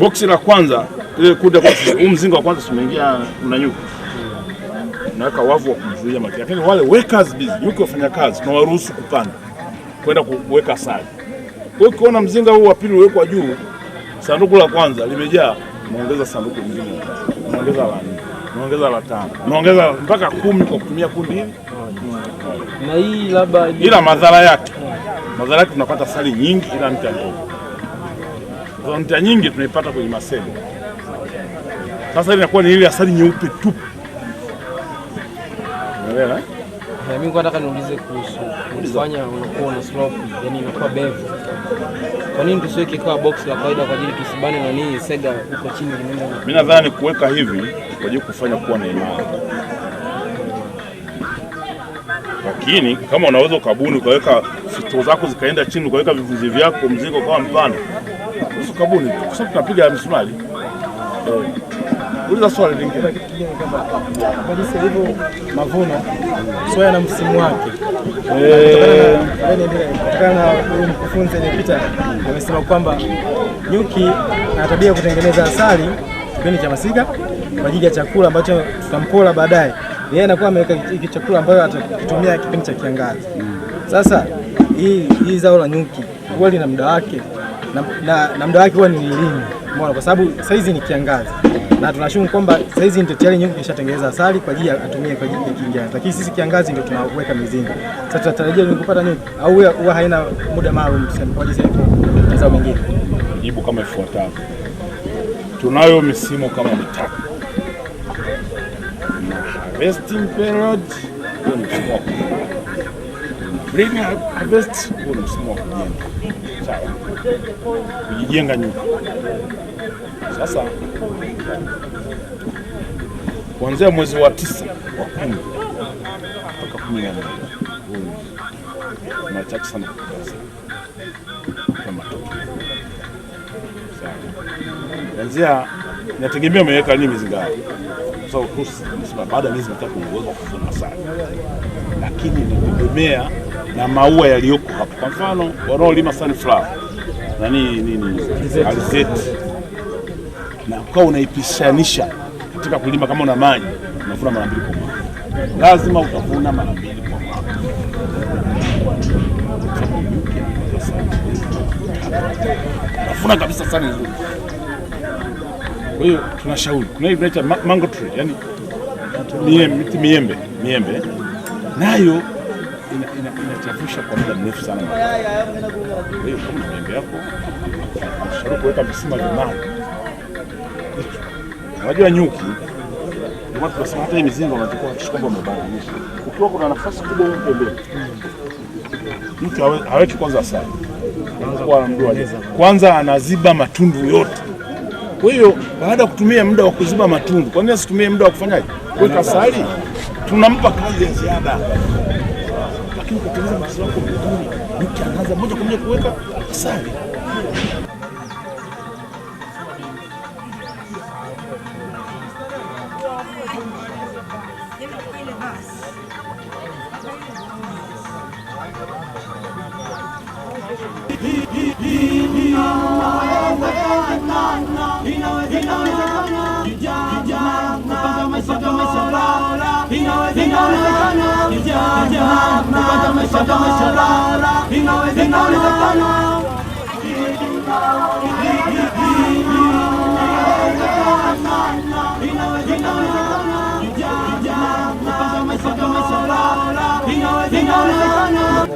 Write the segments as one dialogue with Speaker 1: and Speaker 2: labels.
Speaker 1: boksi la kwanza ile kuda kwa huu mzinga wa kwanza simeingia unanyuka naweka wavu wa kumzuia maji, lakini wale workers busy, yuko wafanya kazi, waruhusu kupanda kwenda kuweka asali. hiyo ukiona mzinga huu wa pili uwekwa juu, sanduku la kwanza limejaa, unaongeza sanduku lingine, unaongeza la nne, unaongeza la tano, unaongeza mpaka kumi kwa kutumia kundi hili.
Speaker 2: Na hii labda
Speaker 1: ila madhara yake, madhara yake tunapata asali nyingi, ila mtu volunteer nyingi tunaipata kwenye maseni. Sasa inakuwa ni ile asali nyeupe tu. Unaelewa?
Speaker 2: Na eh, Mimi nataka niulize kuhusu kufanya unakuwa na slow yani inakuwa bevu. Kwa nini tusiweke kwa box la kawaida kwa ajili tusibane na nini sega huko chini?
Speaker 1: Mimi nadhani kuweka hivi kwa ajili kufanya kuwa na imara. Lakini kama unaweza ukabuni ukaweka fito zako zikaenda chini ukaweka vivuzi vyako mzigo kwa mpana kabuni kwa sababu tunapiga msumali. Uliza swali lingine
Speaker 2: hivyo, mavuno soya na msimu wake eh. yaani kutokana na huyu mkufunzi aliyepita amesema kwamba nyuki ana tabia kutengeneza asali kipindi cha masika kwa ajili ya chakula ambacho tutampola baadaye. Yeye anakuwa ameweka hiki chakula ambayo atakitumia kipindi cha kiangazi. Mm. Sasa hii zao la nyuki huwa lina muda wake na, na, na muda wake huwa ni elimu, umeona, kwa sababu saizi ni kiangazi na tunashumu kwamba saizi ndio tayari nyingi kishatengeneza asali kwa ajili atumie kwa ajili ya kiingiazi, lakini sisi kiangazi ndio tunaweka mizinga. Sasa tunatarajia ni kupata nyingi au huwa haina muda maalum kwa ajili
Speaker 1: ya mazao mengine. Jibu kama ifuatavyo: tunayo misimu kama mitatu na harvesting period, ndio msimu wa Rain Harvest huo ni msimu wa kujenga, sawa, kujijenga nyumba. Sasa kuanzia mwezi wa tisa wa kumi mpaka kumi na nne machache sana kukaza kwa matokeo, kuanzia inategemea umeweka nini baada ya miezi mitatu unaweza kuvuna sana, lakini inategemea na maua yaliyoko hapa. Kwa mfano wanaolima sunflower nani nini alizeti, na ukawa unaipishanisha katika kulima, kama una maji unavuna mara mbili kwa mwaka, lazima utavuna mara mbili kwa mwaka. unavuna kabisa sana nzuri. Kwa hiyo tunashauri kuna hivi mango tree, yani miti miembe, miembe nayo inachafusha kwa muda mrefu sana. Mjenge yako shauri kuweka visima vya maji. Unajua nyuki tunasema hata hii mizinga wanachukua kitu kwamba wamebadilisha. Ukiwa kuna nafasi kubwa huko mbele, mtu haweki kwanza sana kwanza anaziba matundu yote. Kwa hiyo baada ya kutumia muda wa kuziba matundu, kwa nini asitumie muda wa kufanya kuweka asali? Tunampa kazi ya ziada lakini ukatengeneza mkakati wako vizuri, nikiangaza moja kwa moja kuweka asali
Speaker 2: Santa Santa Santa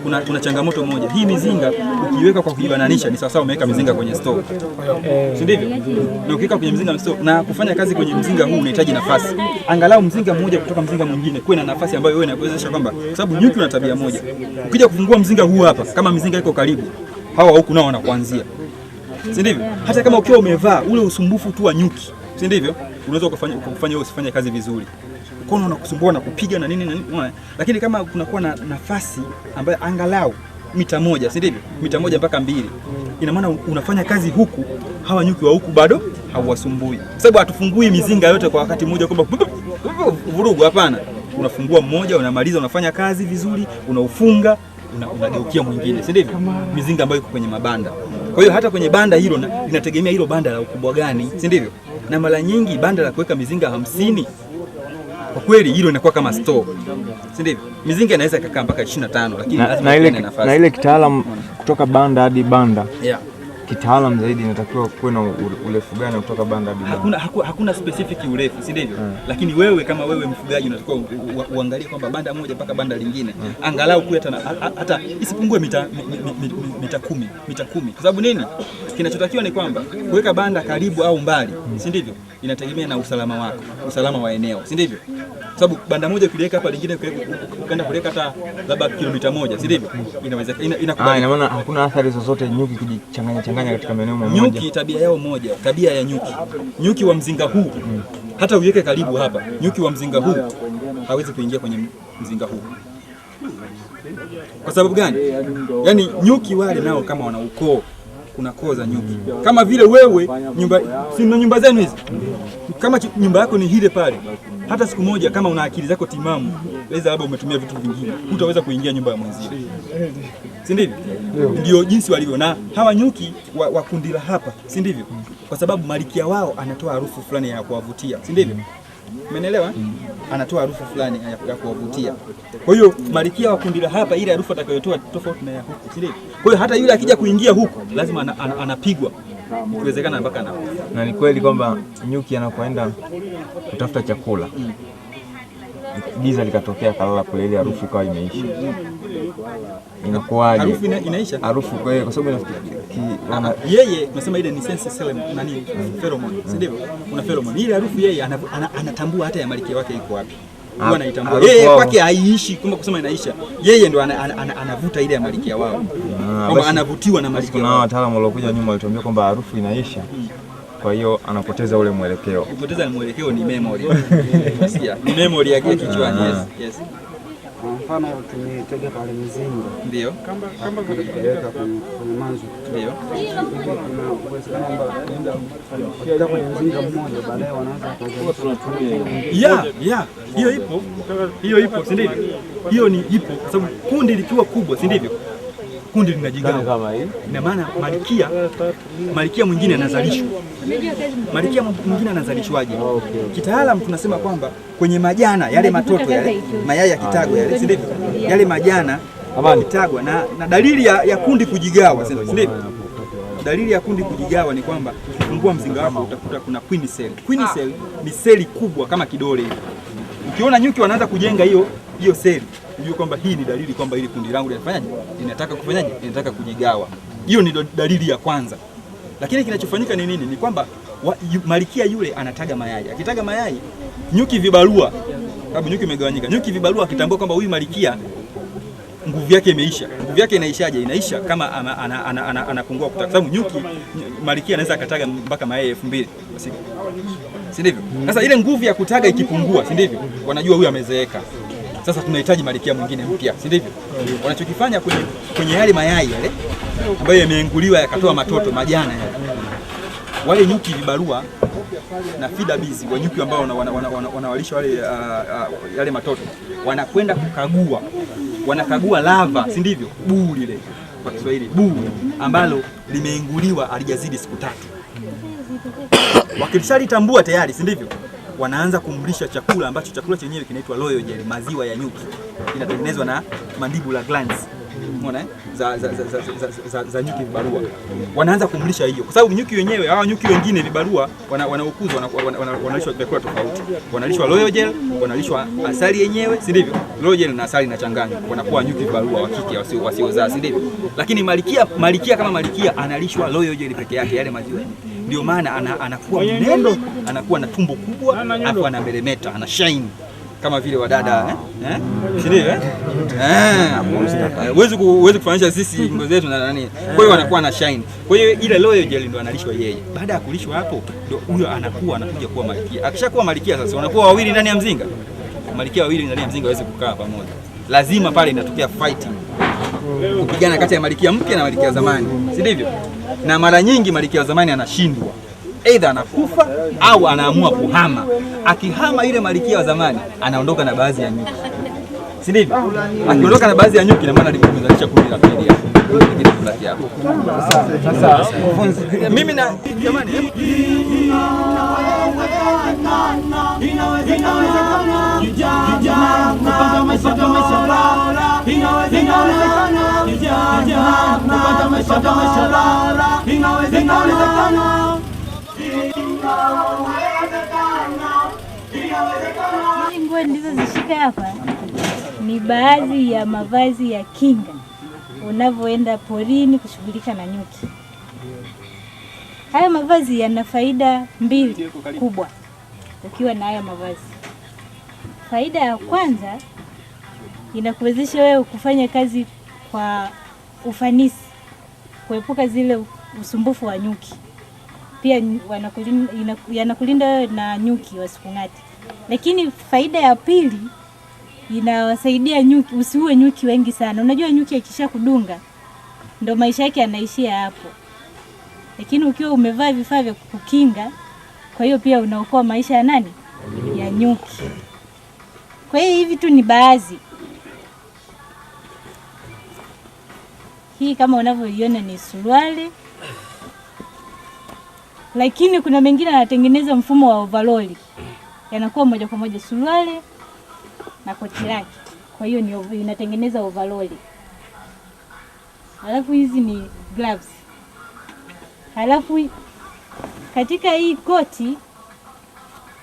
Speaker 2: kuna, kuna changamoto moja. Hii mizinga ukiweka kwa kuibananisha ni sawasawa umeweka mizinga kwenye store, si ndivyo? Na ukiweka kwenye mzinga store na kufanya kazi kwenye mzinga huu unahitaji nafasi, angalau mzinga mmoja kutoka mzinga mwingine kuwe na nafasi ambayo wewe inakuwezesha kwamba, kwa sababu nyuki una tabia moja, ukija kufungua mzinga huu hapa, kama mizinga iko karibu, hawa huku nao wanakuanzia, si ndivyo? Hata kama ukiwa umevaa ule usumbufu tu wa nyuki, si ndivyo, unaweza ukafanya usifanye kazi vizuri mkono unakusumbua na kupiga na nini na nini, lakini kama kunakuwa na nafasi ambayo angalau mita moja, si ndivyo? Mita moja mpaka mbili, ina maana unafanya kazi huku, hawa nyuki wa huku bado hauwasumbui, kwa sababu hatufungui mizinga yote kwa wakati mmoja, kwamba vurugu. Hapana, unafungua mmoja, unamaliza, unafanya kazi vizuri, unaufunga unageukia mwingine, si ndivyo? Mizinga ambayo iko kwenye mabanda. Kwa hiyo hata kwenye banda hilo inategemea hilo banda la ukubwa gani, si ndivyo? Na mara nyingi banda la kuweka mizinga hamsini kwa kweli hilo inakuwa kama store, si ndivyo? Mizinga inaweza ikakaa mpaka 25 lakini na, na ile
Speaker 3: na, ile kitaalam kutoka banda hadi banda yeah. Kitaalam zaidi inatakiwa kuwe na urefu gani kutoka banda hadi banda?
Speaker 2: Hakuna, haku, hakuna specific urefu si ndivyo? Yeah. Mm. Lakini wewe kama wewe mfugaji unatakiwa uangalie kwamba banda moja mpaka banda lingine yeah. Mm. Angalau kuwe hata isipungue mita mita kumi mita kumi kwa sababu nini kinachotakiwa ni kwamba kuweka banda karibu au mbali mm. si ndivyo? inategemea na usalama wako, usalama wa eneo, si ndivyo? Sababu banda moja ukiliweka hapa lingine ukaenda kuliweka hata labda kilomita moja, si ndivyo? Inaweza inakubalika.
Speaker 3: Ah, ina maana hakuna athari zozote nyuki kujichanganya changanya katika maeneo mamoja.
Speaker 2: Nyuki tabia yao moja, tabia ya nyuki, nyuki wa mzinga huu hmm. hata uiweke karibu hapa, nyuki wa mzinga huu hawezi kuingia kwenye mzinga huu. Kwa sababu gani? Yaani nyuki wale nao kama wana ukoo kuna koo za nyuki. Kama vile wewe nyumba, si na nyumba zenu hizi? Kama nyumba yako ni hile pale, hata siku moja kama una akili zako timamu, weza labda umetumia vitu vingine, hutaweza kuingia nyumba ya mwenzie, si ndivyo? Ndio jinsi walivyo na hawa nyuki wa, wa kundila hapa, si ndivyo? Kwa sababu malikia wao anatoa harufu fulani ya kuwavutia, si ndivyo? Umeelewa? Anatoa harufu fulani ya kuwavutia. Kwa hiyo malikia wa kundi la hapa, ile harufu atakayotoa tofauti na ya huku, si ndio? Kwa hiyo hata yule akija kuingia huku lazima an, an, anapigwa ikiwezekana mpaka na.
Speaker 3: Na ni kweli kwamba nyuki anapoenda kutafuta chakula mm giza likatokea kalala kule, ile harufu ikawa imeisha. Inakuwaje
Speaker 2: harufu ina, inaisha
Speaker 3: harufu kwa hiyo, kwa sababu
Speaker 2: ina ana yeye unasema ile ni sense selem nani mm. pheromone, si mm. ndivyo? Kuna pheromone ile harufu yeye anatambua hata ya malkia wake iko wapi huwa anaitambua yeye kwake, haiishi kama kusema inaisha. Yeye ndo anavuta ana, ana, ana ile ya malikia wao, ah, kama anavutiwa na malikia
Speaker 3: wao. Kuna wataalamu waliokuja nyuma walituambia kwamba harufu inaisha hmm kwa hiyo anapoteza ule mwelekeo.
Speaker 2: Kupoteza mwelekeo ni memory, ni memory yake kichwani. Ah. Yes, yes.
Speaker 4: Kwa mfano tumetega pale mizinga, ndio Kamba kamba tukaweka kwenye manzo,
Speaker 2: ndio kuna uwezekano kwamba kwenye mzinga mmoja baadaye wanaanza kuzungumza. ya ya, hiyo ipo, hiyo ipo, si ndivyo? Hiyo ni ipo, kwa sababu kundi likiwa kubwa, si ndivyo? kundi linajigawa kama hii. Ina maana malkia malkia mwingine anazalishwa, malkia mwingine anazalishwaje? Ah, Kitaalamu tunasema kwamba kwenye majana yale matoto yale mayai ya kitago yale, si ndivyo? Yale majana kitago na, na dalili ya, ya kundi kujigawa, si ndivyo? Ah, dalili ya kundi kujigawa ni kwamba ukifungua mzinga wako utakuta kuna queen cell. Queen cell ni seli kubwa kama kidole hivi Ukiona nyuki wanaanza kujenga hiyo hiyo seli, unajua kwamba hii ni dalili kwamba ili kundi langu linafanyaje, linataka kufanyaje, linataka kujigawa. Hiyo ni dalili ya kwanza. Lakini kinachofanyika ni nini? Ni kwamba yu, malikia yule anataga mayai. Akitaga mayai, nyuki vibarua, sababu nyuki imegawanyika, nyuki vibarua akitambua kwamba huyu malikia nguvu yake imeisha. Nguvu yake inaishaje? Inaisha kama anapungua ana, ana, ana, ana, ana kutafuta, sababu nyuki malikia anaweza akataga mpaka mayai elfu mbili kwa siku si ndivyo? Sasa ile nguvu ya kutaga ikipungua, si ndivyo? Wanajua huyu amezeeka, sasa tunahitaji malikia mwingine mpya, si ndivyo? Wanachokifanya kwenye, kwenye yale mayai yale ambayo yameenguliwa yakatoa matoto majana yale, wale nyuki vibarua na fida bees wa nyuki ambao wanawalisha wana, wana, wana, wana wale uh, uh, yale matoto wanakwenda kukagua, wanakagua lava, si ndivyo? Buu lile kwa Kiswahili buu ambalo limeinguliwa halijazidi siku tatu. Wakilishalitambua tayari, si ndivyo? Wanaanza kumlisha chakula ambacho chakula chenyewe kinaitwa loyo jeli, maziwa ya nyuki, inatengenezwa na mandibula glands umeona eh? za za za, za, za, za, za nyuki vibarua, wanaanza kumlisha hiyo, kwa sababu nyuki wenyewe hawa nyuki wengine vibarua wanaokuzwa wanalishwa wana, wana, wana, vyakula tofauti, wanalishwa royal jelly, wanalishwa asali yenyewe, si ndivyo? Royal jelly na asali inachanganywa, wanakuwa nyuki vibarua wa kike wasiozaa, wasio si ndivyo? Lakini malikia malikia kama malikia analishwa royal jelly peke yake, yale maziwa ndio maana anakuwa mnene, anakuwa na tumbo kubwa, alafu na meremeta, ana shine kama vile wadada eh? Eh? Eh? huwezi kufanisha sisi ngo zetu na nani. Kwa hiyo wanakuwa na shine. Kwa hiyo ile royal jelly ndo analishwa yeye, baada ya kulishwa hapo ndo huyo anakuwa anakuja kuwa malikia. Akishakuwa malikia sasa, wanakuwa wawili ndani ya mzinga, malikia wawili ndani ya mzinga waweze kukaa pamoja, lazima pale inatokea fighting, kupigana kati ya malikia mpya na malikia zamani, si ndivyo? Na mara nyingi malikia wa zamani anashindwa aidha anakufa au anaamua kuhama. Akihama ile malikia wa zamani anaondoka na baadhi ya nyuki, si ndivyo? Akiondoka na baadhi ya nyuki, na maana alimezalisha kundi la fidia. Sasa mimi na jamani inawezekana
Speaker 5: Hizi nguo nilizozishika hapa ni baadhi ya mavazi ya kinga unavyoenda porini kushughulika na nyuki. Haya mavazi yana faida mbili kubwa. Ukiwa na haya mavazi, faida ya kwanza inakuwezesha wewe kufanya kazi kwa ufanisi, kuepuka zile usumbufu wa nyuki pia yanakulinda na nyuki wasikung'ate. Lakini faida ya pili inawasaidia nyuki, usiue nyuki wengi sana. Unajua nyuki akisha kudunga ndo maisha yake yanaishia hapo, lakini ukiwa umevaa vifaa vya kukinga kwa hiyo pia unaokoa maisha ya nani, ya nyuki. Kwa hiyo hivi tu ni baadhi. Hii kama unavyoiona ni suruali lakini kuna mengine anatengeneza mfumo wa ovaroli, yanakuwa moja kwa moja suruali na koti lake, kwa hiyo ni inatengeneza ovaroli. alafu hizi ni gloves. Halafu katika hii koti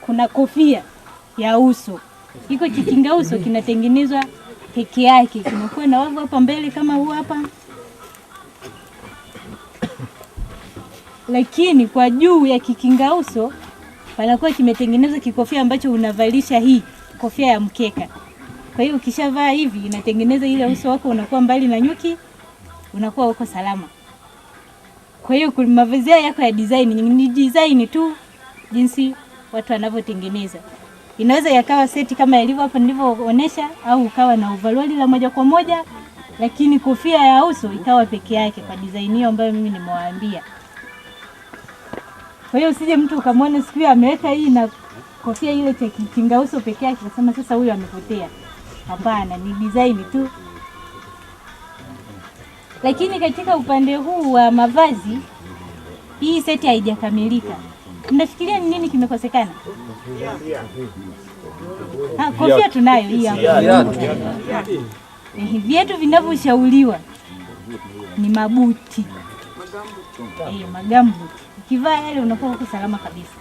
Speaker 5: kuna kofia ya uso, iko kikinga uso kinatengenezwa peke yake, kinakuwa na wavu hapa mbele kama huu hapa lakini kwa juu ya kikinga uso panakuwa kimetengenezwa kikofia ambacho unavalisha hii kofia ya mkeka. Kwa hiyo ukishavaa hivi inatengeneza ile uso wako unakuwa mbali na nyuki, unakuwa uko salama. Kwa hiyo mavazi yako ya design ni design tu, jinsi watu wanavyotengeneza. Inaweza yakawa seti kama ilivyo hapa nilivyoonesha, au ukawa na ovaroli la moja kwa moja, lakini kofia ya uso ikawa peke yake kwa design hiyo ambayo mimi nimewaambia. Kwa hiyo usije mtu ukamwona siku hiyo ameweka hii na kofia ile cha kinga uso peke yake, kasema sasa huyu amepotea. Hapana, ni design tu. Lakini katika upande huu wa mavazi, hii seti haijakamilika. Mnafikiria ni nini kimekosekana? Ha, kofia tunayo hii hapa. Viatu vinavyoshauriwa ni mabuti magambu ukivaa yale unakuwa uko salama kabisa.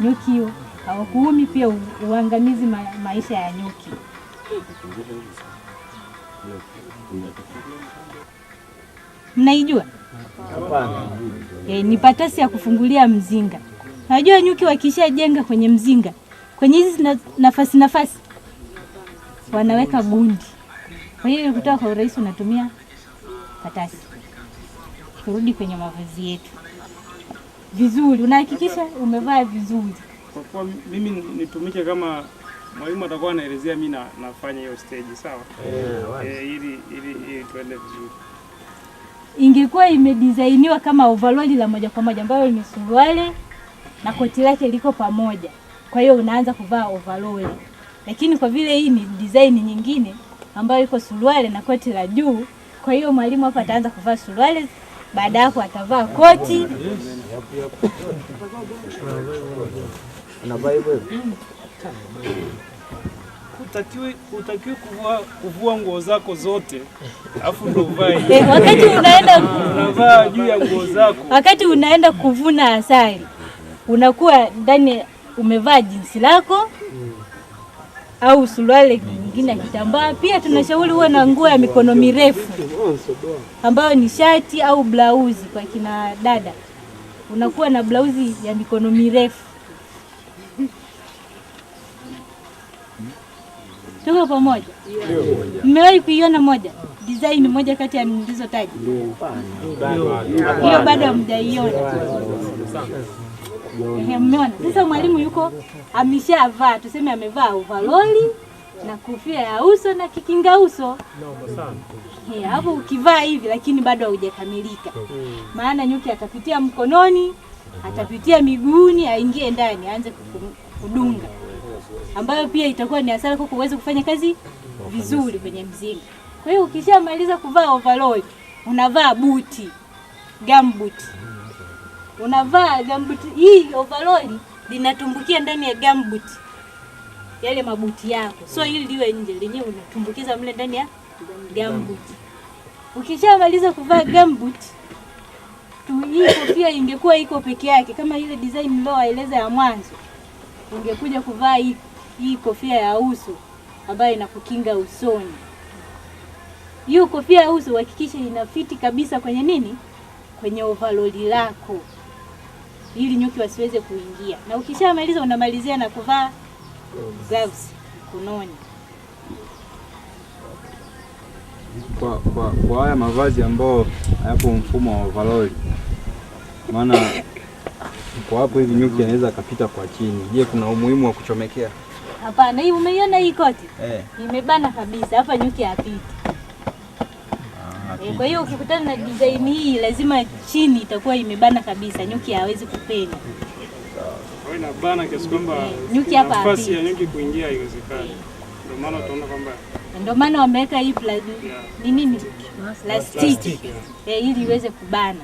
Speaker 5: Nyuki hawakuumi, pia uangamizi ma maisha ya nyuki. Mnaijua eh? Ni patasi ya kufungulia mzinga. Najua nyuki wakishajenga kwenye mzinga, kwenye hizi nafasi nafasi wanaweka gundi, kwa hiyo kutoka kwa urahisi unatumia patasi turudi kwenye mavazi yetu vizuri. Unahakikisha umevaa vizuri,
Speaker 6: kwa kuwa mimi nitumike kama mwalimu atakuwa anaelezea, mi nafanya hiyo stage sawa, eh, eh, ili ili tuende vizuri.
Speaker 5: Ingekuwa imedisainiwa kama overall la moja kwa moja, ambayo ni suruali na koti lake liko pamoja, kwa hiyo unaanza kuvaa overall. Lakini kwa vile hii ni design nyingine ambayo iko suruali na koti la juu, kwa hiyo mwalimu hapa ataanza kuvaa suruali baada hapo atavaa koti
Speaker 6: Utakiwi, utakiwi kuvua, kuvua nguo zako zote alafu ndo uvae
Speaker 5: eh, wakati unaenda unavaa juu ya nguo zako. Wakati unaenda kuvuna asali unakuwa ndani umevaa jinsi lako mm au suruali nyingine ya kitambaa. Pia tunashauri uwe na nguo ya mikono mirefu ambayo ni shati au blauzi. Kwa kina dada, unakuwa na blauzi ya mikono mirefu. Tuko pamoja? Mmewahi kuiona moja design moja kati ya nilizotaja? Hiyo bado hamjaiona. Mmeona sasa, mwalimu yuko ameshavaa, tuseme amevaa ovaroli na kofia ya uso na kikinga uso hapo, ukivaa hivi lakini bado haujakamilika, maana nyuki atapitia mkononi, atapitia miguuni, aingie ndani, aanze kudunga, ambayo pia itakuwa ni hasara kwako uweze kufanya kazi vizuri kwenye mzinga. Kwa hiyo ukishamaliza kuvaa ovaroli, unavaa buti gambuti unavaa gambut hii overall linatumbukia ndani ya gambut yale mabuti yako, so hili liwe nje, lenyewe unatumbukiza mle ndani ya gambut. Ukishamaliza kuvaa gambut tu, hii kofia ingekuwa iko peke yake, kama ile design niliowaeleza ya mwanzo, ungekuja kuvaa hii hii kofia ya uso ambayo inakukinga usoni. Hiyo kofia ya uso uhakikishe inafiti kabisa kwenye nini, kwenye ovaloli lako ili nyuki wasiweze kuingia, na ukishamaliza unamalizia na kuvaa gloves mkononi.
Speaker 3: Kwa, kwa, kwa haya mavazi ambayo hayapo mfumo wa ovaroli, maana kwa hapo hivi nyuki anaweza akapita kwa chini. Je, kuna umuhimu wa kuchomekea?
Speaker 5: Hapana, hii umeiona hii koti eh, imebana kabisa hapa, nyuki hapiti safi. Kwa hiyo ukikutana na design hii lazima chini itakuwa imebana kabisa, nyuki hawezi kupenya. Kwa
Speaker 6: hiyo inabana kiasi kwamba eh, nyuki hapa nafasi ya nyuki kuingia haiwezekani. Ndio maana tunaona kwamba
Speaker 5: ndio maana wameweka hii ni nini plastiki eh, ili iweze kubana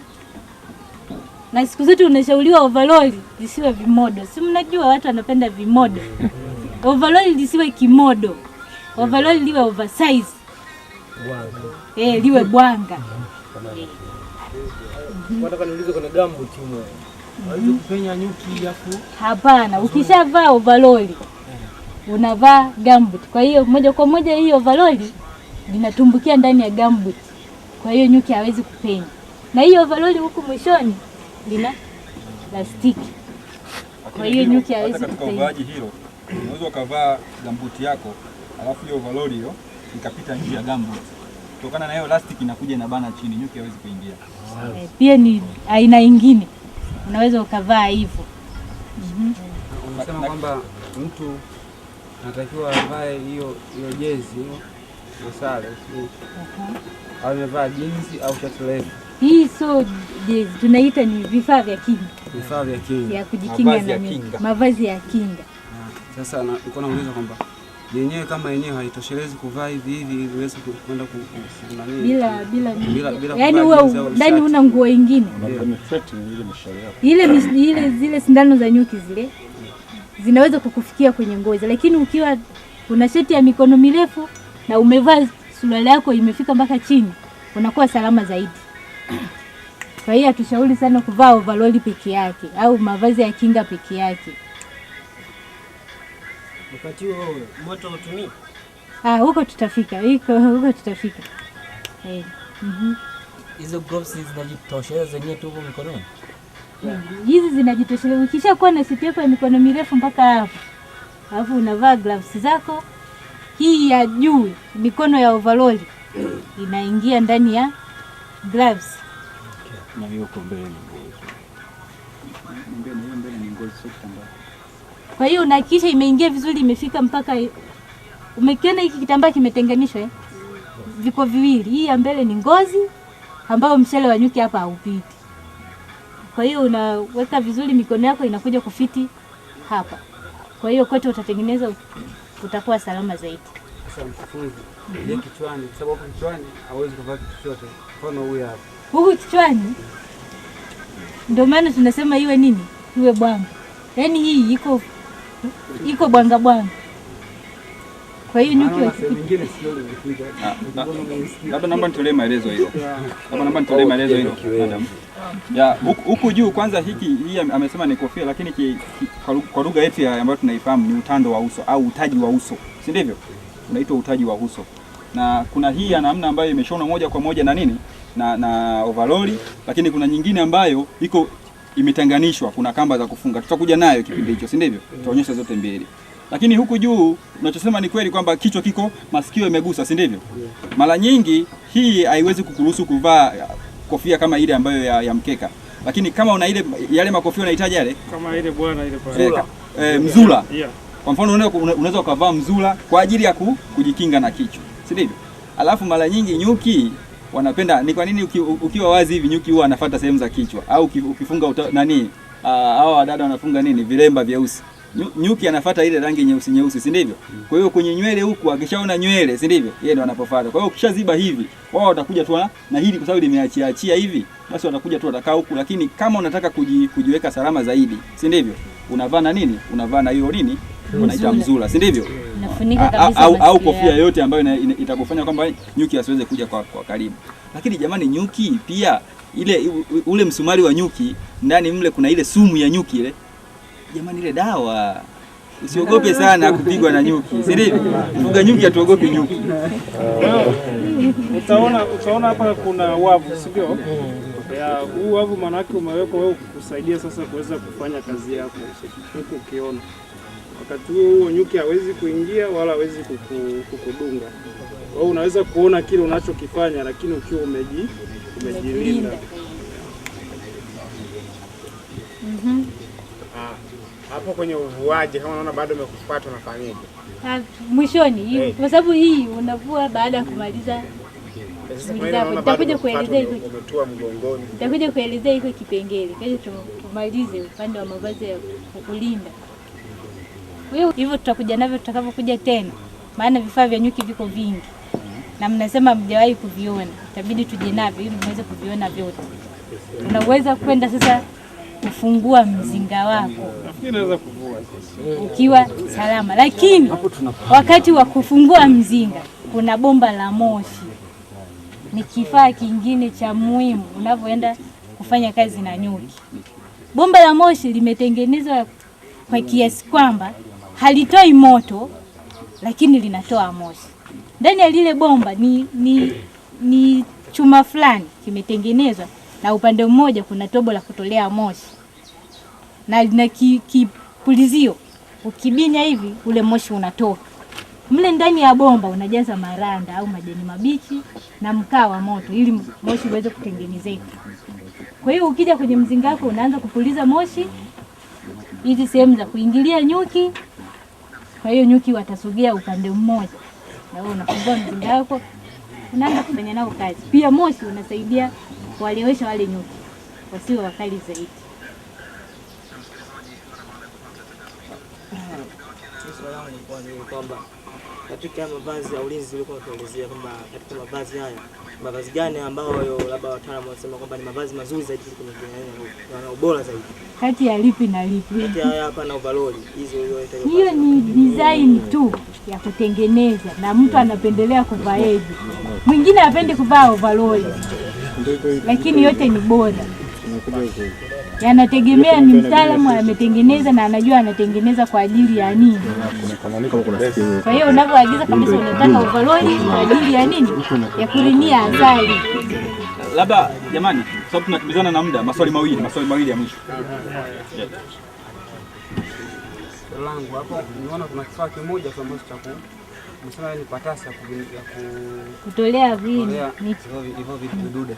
Speaker 5: na siku zote unashauriwa overall lisiwe vimodo, si mnajua watu wanapenda vimodo. Overall lisiwe kimodo, overall liwe oversize eh, liwe Bwanga. Mhm. Hapana, ukishavaa ovaloli unavaa gambuti kwa hiyo moja kwa moja hiyo ovaloli linatumbukia ndani ya gambuti kwa hiyo nyuki hawezi kupenya, na hiyo ovaloli huku mwishoni lina plastiki, kwa hiyo nyuki hawezi
Speaker 6: kupenya. hilo unaweza ukavaa gambuti yako alafu hiyo ovaloli hiyo ikapita nje ya gambo Kutokana na hiyo elastic inakuja na bana chini, nyuki hawezi kuingia.
Speaker 5: Eh, pia ni aina ingine unaweza ukavaa hivyo.
Speaker 3: mm -hmm. Unasema kwamba mtu anatakiwa avae hiyo hiyo jezi na sare, au amevaa jinzi au shati refu.
Speaker 5: Hii so jezi, tunaita ni vifaa vya kinga,
Speaker 3: vifaa vya kinga
Speaker 5: ya kujikinga na mavazi ya kinga.
Speaker 6: Ah, sasa niko nauliza kwamba yenyewe kama yenyewe haitoshelezi kuvaa hivi hivi ili uweze kwenda
Speaker 5: bila bila bila bila, yaani wewe ndani una nguo nyingine ile ile zile sindano za nyuki zile zinaweza kukufikia kwenye ngozi, lakini ukiwa una sheti ya mikono mirefu na umevaa suruali yako imefika mpaka chini, unakuwa salama zaidi. Kwa hiyo hatushauri sana kuvaa overall peke yake au mavazi ya kinga peke yake.
Speaker 6: Wakati huo moto utumii
Speaker 5: ah, huko, tutafika, tutafika huko, tutafika eh,
Speaker 3: mhm. hizo mm -hmm. gloves zinajitosheleza zenyewe tu huko mikononi
Speaker 5: eh, hizi yeah. zinajitosheleza ukisha kuwa na seti yako ya mikono mirefu mpaka hapo, alafu unavaa gloves zako. Hii ya juu mikono ya ovaloli inaingia ndani ya gloves.
Speaker 3: Okay. na hiyo mbele ni ngozi
Speaker 5: kwa hiyo unahakikisha imeingia vizuri, imefika mpaka. Umekiona hiki kitambaa kimetenganishwa eh? Viko viwili, hii ya mbele ni ngozi ambayo mshele wa nyuki hapa haupiti. Kwa hiyo unaweka vizuri, mikono yako inakuja kufiti hapa. Kwa hiyo kote utatengeneza, utakuwa salama zaidi.
Speaker 6: Huku kichwani,
Speaker 5: kichwani ndio maana tunasema iwe nini? Iwe bwanga. Yaani hii iko iko bwanga bwanga. Kwa hiyo ah,
Speaker 2: ah, labda naomba nitolee maelezo hiyo, labda naomba nitolee maelezo hiyo ya huku juu. Kwanza hiki hii amesema ni kofia, lakini ki, ki, kwa lugha yetu ambayo tunaifahamu ni utando wa uso au utaji wa uso, si ndivyo? Unaitwa utaji wa uso, na kuna hii ya namna ambayo imeshona moja kwa moja na nini na, na overall, lakini kuna nyingine ambayo iko imetenganishwa, kuna kamba za kufunga. Tutakuja nayo kipindi hicho, si ndivyo? Tutaonyesha zote mbili, lakini huku juu unachosema ni kweli kwamba kichwa kiko, masikio yamegusa, si ndivyo? Mara nyingi hii haiwezi kukuruhusu kuvaa uh, kofia kama ile ambayo ya, ya mkeka, lakini kama una ile yale makofia unahitaji yale
Speaker 6: kama ile bwana ile pale
Speaker 2: e, e, mzula yeah. Kwa mfano unaweza ukavaa mzula kwa ajili ya kujikinga na kichwa, si ndivyo? Alafu mara nyingi nyuki wanapenda ni kwa nini ukiwa wazi hivi nyuki huwa anafuata sehemu za kichwa au ukifunga uta, nani hawa wadada wanafunga nini vilemba vyeusi nyuki anafuata ile rangi nyeusi nyeusi, si ndivyo? Mm. Kwa hiyo kwenye nywele huku akishaona nywele, si ndivyo? Yeye ndo anapofuata. Kwa hiyo ukishaziba hivi, wao watakuja tu na hili, kwa sababu limeachia achia hivi, basi watakuja tu watakaa huku, lakini kama unataka kuji, kujiweka salama zaidi, si ndivyo? Unavaa na nini? Unavaa na hiyo nini unaita mzula, si ndivyo? kufunika kabisa au, au kofia yote ambayo itakufanya kwamba nyuki asiweze kuja kwa, kwa karibu. Lakini jamani, nyuki pia ile ule msumari wa nyuki ndani mle kuna ile sumu ya nyuki ile, jamani, ile dawa Usiogope sana kupigwa na nyuki, si ndivyo? Fuga nyuki, hatuogopi nyuki.
Speaker 6: Utaona, utaona hapa kuna wavu, si ndio? Huu wavu maana yake umewekwa wewe kusaidia sasa kuweza kufanya kazi yako huku ukiona wakati huo huo nyuki hawezi kuingia wala hawezi kuku, kukudunga. Kwa hiyo unaweza kuona kile unachokifanya, lakini ukiwa umeji umejilinda. Mm-hmm. Ah, hapo Kwenye uvuaji kama unaona bado umekupata, unafanyaje
Speaker 5: ah, mwishoni? Eh. Kwa sababu hii unavua baada ya kumaliza eh, Nitakuja kuelezea hiko nitakuja kuelezea kipengele. Kesho tumalize upande wa mavazi ya kukulinda hiyo hivyo tutakuja navyo tutakavyokuja tena, maana vifaa vya nyuki viko vingi na mnasema mjawahi kuviona, itabidi tuje navyo ili mweze kuviona vyote. Unaweza kwenda sasa kufungua mzinga wako ukiwa salama, lakini wakati wa kufungua mzinga kuna bomba la moshi, ni kifaa kingine cha muhimu unavyoenda kufanya kazi na nyuki. Bomba la moshi limetengenezwa kwa kiasi kwamba halitoi moto lakini linatoa moshi. Ndani ya lile bomba ni, ni, ni chuma fulani kimetengenezwa na upande mmoja kuna tobo la kutolea moshi na lina kipulizio ki, ukibinya hivi ule moshi unatoka mle ndani ya bomba, unajaza maranda au majani mabichi na mkaa wa moto ili moshi uweze kutengenezeka. Kwa hiyo ukija kwenye mzinga wako unaanza kupuliza moshi hizi sehemu za kuingilia nyuki. Kwa hiyo nyuki watasogea upande mmoja, na wewe unafungua mzinga wako, unaanza kufanya nao kazi. Pia moshi unasaidia kuwalewesha wale nyuki wasiwe wakali zaidi.
Speaker 2: kwamba katika mavazi ya ulinzi ulikuwa unatuelezea kwamba katika mavazi haya mavazi gani ambayo labda wataalamu wanasema kwamba ni mavazi mazuri zaidi kuliko mengine na ubora zaidi?
Speaker 5: kati ya lipi na lipi. Hiyo ni design tu ya kutengeneza, na mtu anapendelea hivi, Mwingine apende kuvaa overall, lakini yote ni bora, yanategemea ni mtaalamu ametengeneza, na anajua anatengeneza kwa ajili ya nini. Kwa hiyo unavyoagiza kabisa, unataka overall kwa ajili ya nini, ya kurinia asali.
Speaker 2: Labda jamani sababu tunakimbizana na muda. Maswali mawili, maswali mawili ya mwisho
Speaker 6: langu hapo, niona kuna kifaa kimoja tu ambacho cha msema ni patasa ya
Speaker 5: kutolea hivyo
Speaker 6: vitu vidude.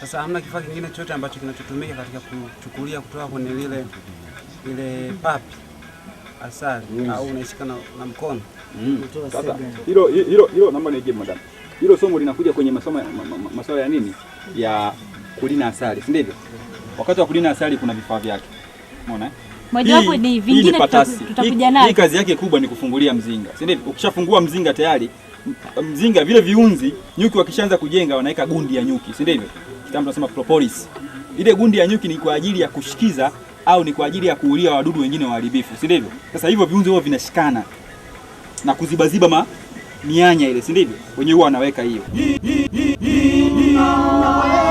Speaker 6: Sasa hamna kifaa kingine chote ambacho kinachotumika katika kuchukulia kutoka kwenye lile ile papi asali mm. au unaishika na mkono. Mm.
Speaker 2: hilo hilo hilo hilo, naomba nije madam, hilo somo linakuja kwenye masomo masomo ya nini ya kulina asali, si ndivyo? Wakati wa kulina asali kuna vifaa vyake,
Speaker 5: umeona eh? mojawapo ni vingine tutakuja nayo.
Speaker 2: Hii kazi yake kubwa ni kufungulia mzinga, si ndivyo? Ukishafungua mzinga tayari, mzinga vile viunzi, nyuki wakishaanza kujenga wanaweka gundi ya nyuki, si ndivyo? Kitambo tunasema propolis. Ile gundi ya nyuki ni kwa ajili ya kushikiza au ni kwa ajili ya kuulia wadudu wengine waharibifu, si ndivyo? Sasa hivyo viunzi huwa vinashikana na kuzibaziba mianya ile, si ndivyo? Wenyewe huwa wanaweka hiyo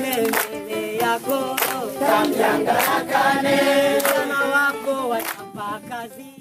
Speaker 2: Niseme mbele yako, tamjangalakane, kama wako wachapa kazi